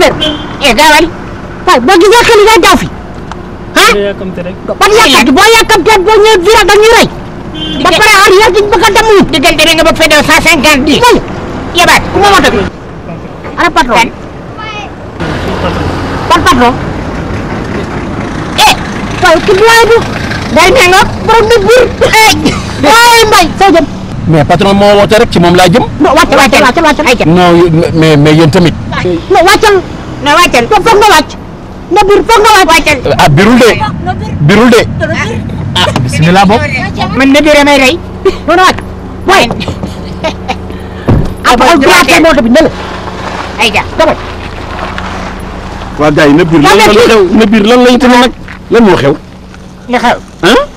wér eh gaawal waaye boo gisee xel yi ngay daw fi ah. ban yàkkamti boo boo ñëwee virage dañuy rey. ba pare ar yow dañ bëgg a nga bëgg fay daw cent ku ma moto bi. ana patron. ban patron. eh waaye ki doyen bi. day nga borom bi buur. waaye eh, mbay soo mais patron moo woote ci moom laa jëm. non wàccal wàccal wàccal wàccal ay non mais mais yéen tamit. non wàccal. na wàccal foog nga wàcc. na ah, birul de. birul de. ah bisimilah boog. man ne biir damay rey. non non wàcc. waaye. ab ab glace moo tamit ne la. ayca dama. waa gars yi na biir lan lañ xew na biir lan lañ xew. li xew.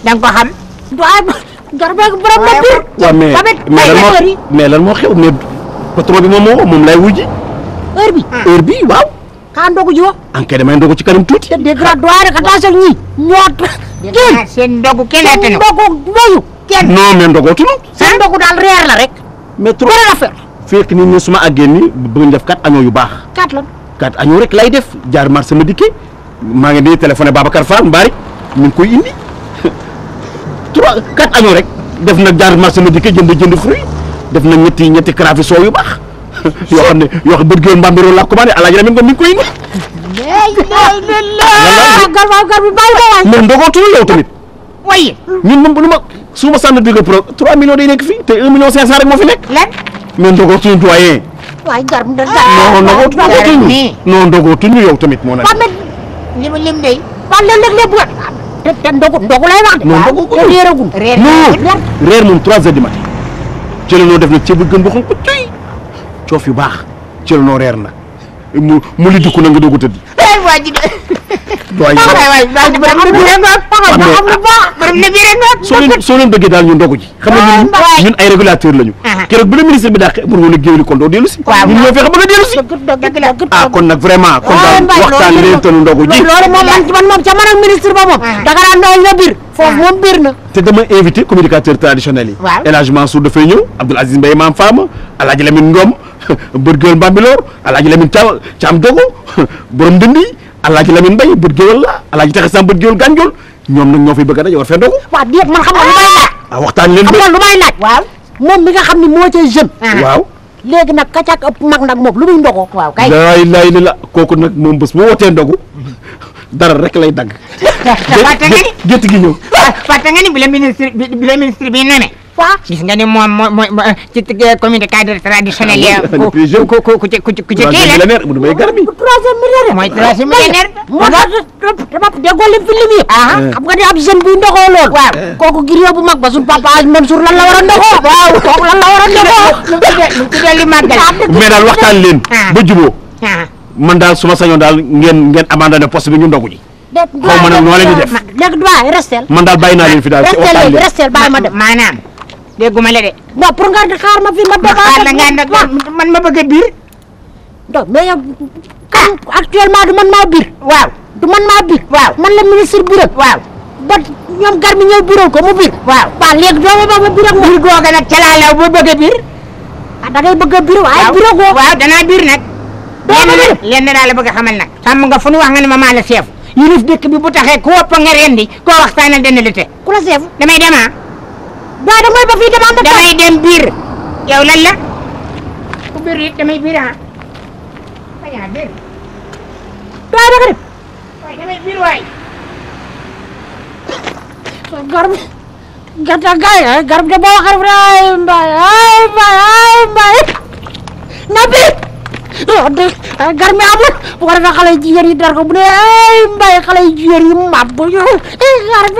da nga ko xam. du Garga ak borom bopp bi. moo xew mais patron bi moom moo ko lay wujji. heure bi ah. heure bi waaw. ka ndogu ji wa. enquête damay ndogu ci kanam tuuti. te dégg naa doy rek attention ñii ñoo. kenn seen ndogu kenn daal reer la rek. mais trop bëri na affaire. fekk def kat añoo yu baax. kat lan kat rek lay def jaar marché ma dikkee maa ngi nii téléphoné Babacar Fall Mbari mi koy indi. trois quatre añoo rek def na jaar marché la dikkee jënd jënd fruit def na ñetti ñetti carafe soow yu baax yoo xam ne yoo xam ne bët mbambiro laa commandé alaaji Lamine Ngom mi ngi koy indi. léegi garab garab bi bàyyi ko yow tamit. waaye ñun moom lu ma su ma sànni dëgg pro 3 millions day fi nekk. lépp mais ndogootul doyen. waay garab ndogootul non ndogootul non ndogootul yow tamit moo nekk. lim lim de. waaw te te ndogu ndogu lay wax. non ndogu ko réeragul. réer moom 3 heures du ci la noo def nag ceeb bu gën coof yu baax ci reer nag mu mu li na nga doog a tëdd. waa ji de. waay waay waay ji borom ne bii rek nga soo leen soo daal ñu ndogu ji. xam nga ay régulateur lañu. Ah. keroog bu ministre bi dàqee mënoo la géwéli kon doo dellu si. waaw ñun ñoo fexe ba nga dellu ah kon nag waxtaan leen tanu ndogu ji. loolu moom man ministre ba moom. Ah. daga daan doon na biir. foofu moom biir na. te dama invité communicateur traditionnel yi. waaw El Hadj Mansour dafay ñëw Abdoul Aziz Mbaye Maam Fama El Hadj Lamine Ngom Bërgël Mbambilor El Hadj Lamine Thiam Thiam Dogo borom dëndi El Hadj Lamine Mbaye bët géwél la El Hadj Taxe Samb bët géwél gànjool ñoom nag ñoo fi bëgg a daje war fee ndogu. waaw déet man xam nga lu ah, waxtaan leen lu moom mi nga xam ne moo cay jeune. Ah. waaw léegi nag kacak ëpp mag nag moom lu muy ndogoo. waaw kay laay laay la la kooku nag moom bés bu wootee ndogu dara rek lay dagg. te fàtte gi ñëw. fàtte nga ni bi la bi la fois gis nga ne moom moo moo ci comité cadre traditionnel yi. ku ku ku ci ku ci kii la. troisième millionnaire. mooy troisième millionnaire. moo tax dama déggoo leen film yi. xam nga ne ab jeune buy ndoxoo lool. waaw kooku giriyoo bu mag ba suñu papa Mansour lan la war a ndoxoo. waaw kooku lan la war a ndoxoo. lu tuddee lu tuddee li màggal. mais daal waxtaan leen. ba juboo. man daal suma sañoon daal ngeen ngeen abandonné poste bi ñu ndogu ji. xaw ma nag noo leen di def léegi doy restel man daal bàyyi naa leen fi daal restel bàyyi ma dem maanaam dégguma la de. ma fi man ma bëgg a du man maa biir. waaw du man maa biir. waaw man la ministre biiram. waaw ba ñoom gar mi ñëw biiral ko mu biir. waaw waaw léegi doo ba ma biir googa nag ca ba bëgg a biir. ah da ngay a biir waaye biiragoo. waaw waaw danaa nag. doo ma biir lenn a xamal nag. sàmm nga fu nu wax nga ne ma la seef. yilif dëkk bi bu taxee ku wopp nga rendi koo waxtaanal dana ku la seef damay demaa. Ah. waaw da mooy ba fii dama am. damay dem biir yow lan la ku damay biir ah waaye na biir garab mi bu ko defee xale jigéen yi dar ko bu ne ay mbaay xale jigéen yi mab bu ñu garab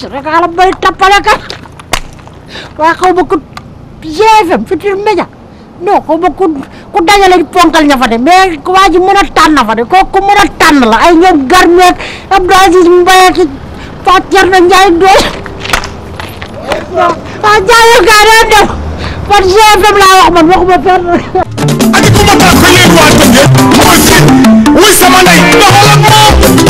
Sénégal am bëri tappalekat waaye xaw ma ku GFM Futurs Médias non xaw ma ku ku dajale ponkal ña fa de waa ji mën a tànn fa de kooku mën a tànn ay ñoom garmeek Abdou Aziz Mbaye ak Pape Thierno Ndiaye doy waaw waaw jaayal gaa daan dem man laa wax man waxuma fenn. ak ku ma tànn léegi waa Tongué ma ko seet wuy sama ndey doxal ak